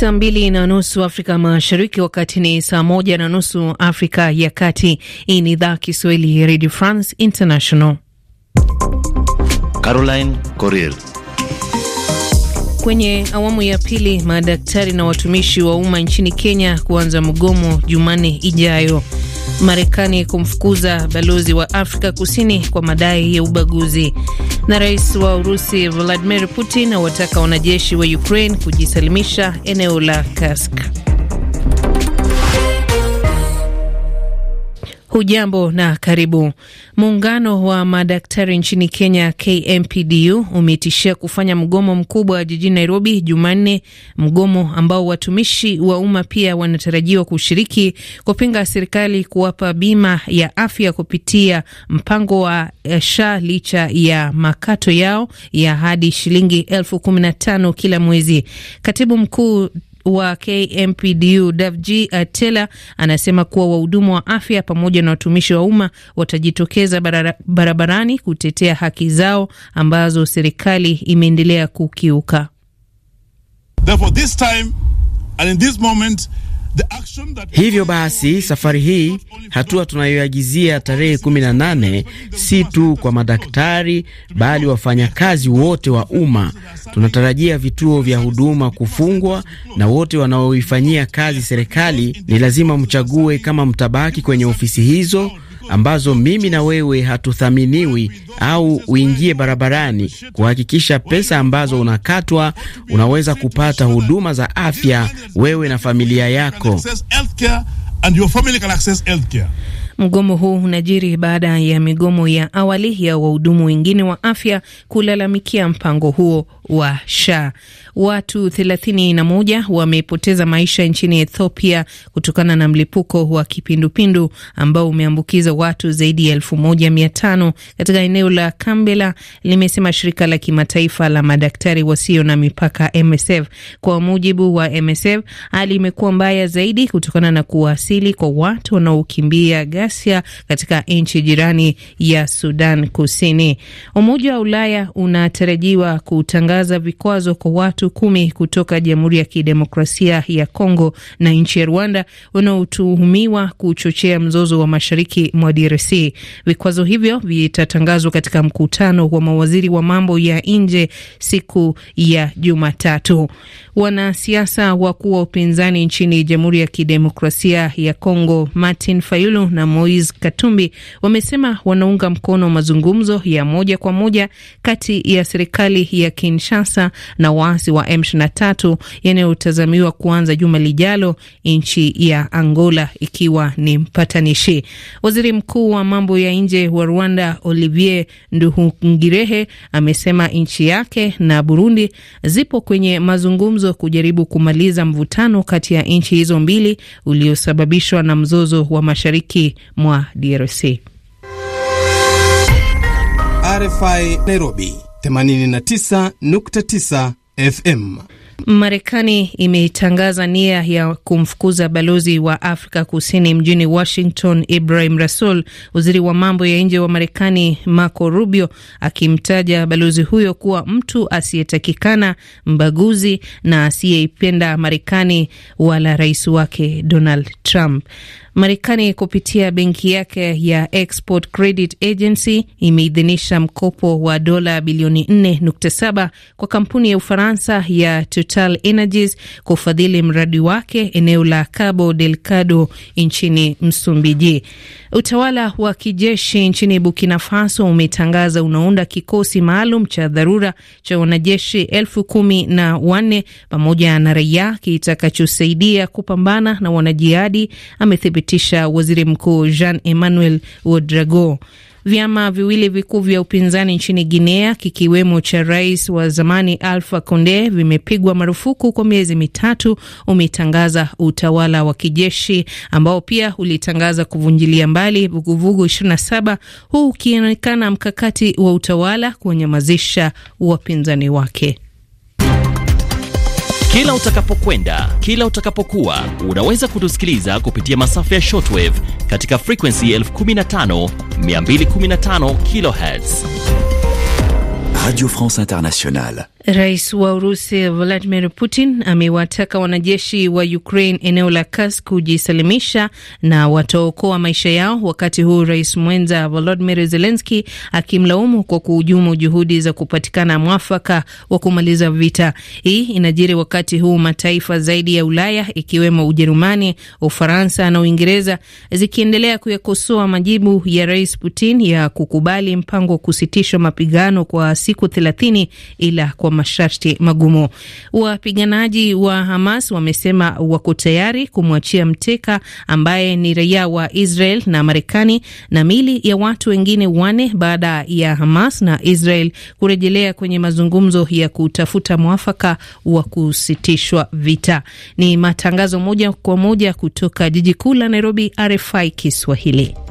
Saa mbili na nusu Afrika Mashariki, wakati ni saa moja na nusu Afrika ya Kati. Hii ni idhaa Kiswahili Radio France International. Caroline Corir Kwenye awamu ya pili, madaktari na watumishi wa umma nchini Kenya kuanza mgomo Jumanne ijayo. Marekani kumfukuza balozi wa Afrika Kusini kwa madai ya ubaguzi. Na rais wa Urusi Vladimir Putin awataka wanajeshi wa Ukraine kujisalimisha eneo la Kursk. Hujambo na karibu. Muungano wa madaktari nchini Kenya, KMPDU, umeitishia kufanya mgomo mkubwa jijini Nairobi Jumanne, mgomo ambao watumishi wa umma pia wanatarajiwa kushiriki kupinga serikali kuwapa bima ya afya kupitia mpango wa eh, SHA licha ya makato yao ya hadi shilingi elfu kumi na tano kila mwezi. Katibu mkuu wa KMPDU Davji uh, Atela anasema kuwa wahudumu wa afya pamoja na watumishi wa umma watajitokeza barara, barabarani kutetea haki zao ambazo serikali imeendelea kukiuka. Therefore, this time and in this moment Hivyo basi safari hii hatua tunayoagizia tarehe 18 si tu kwa madaktari bali wafanyakazi wote wa umma. Tunatarajia vituo vya huduma kufungwa na wote wanaoifanyia kazi serikali ni lazima mchague kama mtabaki kwenye ofisi hizo ambazo mimi na wewe hatuthaminiwi au uingie barabarani kuhakikisha pesa ambazo unakatwa unaweza kupata huduma za afya wewe na familia yako. Mgomo huu unajiri baada ya migomo ya awali ya wahudumu wengine wa afya kulalamikia mpango huo wa SHA. Watu 31 wamepoteza maisha nchini Ethiopia kutokana na mlipuko wa kipindupindu ambao umeambukiza watu zaidi ya elfu moja mia tano katika eneo la Kambela, limesema shirika la kimataifa la madaktari wasio na mipaka MSF. Kwa mujibu wa MSF, hali imekuwa mbaya zaidi kutokana na kuwasili kwa watu wanaokimbia ghasia katika nchi jirani ya Sudan Kusini. Umoja wa Ulaya unatarajiwa kutangaza vikwazo kwa watu watu kumi kutoka Jamhuri ya Kidemokrasia ya Kongo na nchi ya Rwanda wanaotuhumiwa kuchochea mzozo wa mashariki mwa DRC. Vikwazo hivyo vitatangazwa katika mkutano wa mawaziri wa mambo ya nje siku ya Jumatatu. Wanasiasa wakuu wa upinzani nchini Jamhuri ya Kidemokrasia ya Kongo, Martin Fayulu na Moise Katumbi, wamesema wanaunga mkono mazungumzo ya moja kwa moja kati ya serikali ya Kinshasa na waasi wa M23 yanayotazamiwa kuanza juma lijalo nchi ya Angola ikiwa ni mpatanishi. Waziri mkuu wa mambo ya nje wa Rwanda Olivier Nduhungirehe amesema nchi yake na Burundi zipo kwenye mazungumzo kujaribu kumaliza mvutano kati ya nchi hizo mbili uliosababishwa na mzozo wa mashariki mwa DRC. RFI Nairobi 89.9 FM. Marekani imetangaza nia ya kumfukuza balozi wa Afrika Kusini mjini Washington, Ibrahim Rasul, waziri wa mambo ya nje wa Marekani Marco Rubio akimtaja balozi huyo kuwa mtu asiyetakikana, mbaguzi na asiyeipenda Marekani wala rais wake Donald Trump. Marekani kupitia benki yake ya Export Credit Agency imeidhinisha mkopo wa dola bilioni 4.7 kwa kampuni ya Ufaransa ya Total Energies kufadhili mradi wake eneo la Cabo Delgado nchini Msumbiji. Utawala wa kijeshi nchini Burkina Faso umetangaza unaunda kikosi maalum cha dharura cha wanajeshi elfu kumi na wanne pamoja na raia kitakachosaidia kupambana na wanajihadi, amethibitisha waziri mkuu Jean Emmanuel Ouedraogo. Vyama viwili vikuu vya upinzani nchini Guinea kikiwemo cha rais wa zamani Alpha Conde vimepigwa marufuku kwa miezi mitatu, umetangaza utawala wa kijeshi ambao pia ulitangaza kuvunjilia mbali vuguvugu 27, huu ukionekana mkakati wa utawala kuwanyamazisha wapinzani wake. Kila utakapokwenda, kila utakapokuwa, unaweza kutusikiliza kupitia masafa ya shortwave katika frequency 15215 kHz. Radio France Internationale. Rais wa Urusi Vladimir Putin amewataka wanajeshi wa Ukraine eneo la Kursk kujisalimisha na wataokoa maisha yao, wakati huu rais mwenza volodimir zelenski akimlaumu kwa kuhujumu juhudi za kupatikana mwafaka wa kumaliza vita. Hii inajiri wakati huu mataifa zaidi ya Ulaya ikiwemo Ujerumani, Ufaransa na Uingereza zikiendelea kuyakosoa majibu ya rais Putin ya kukubali mpango wa kusitishwa mapigano kwa siku thelathini ila kwa masharti magumu. Wapiganaji wa Hamas wamesema wako tayari kumwachia mteka ambaye ni raia wa Israel na Marekani na mili ya watu wengine wane baada ya Hamas na Israel kurejelea kwenye mazungumzo ya kutafuta mwafaka wa kusitishwa vita. Ni matangazo moja kwa moja kutoka jiji kuu la Nairobi, RFI Kiswahili.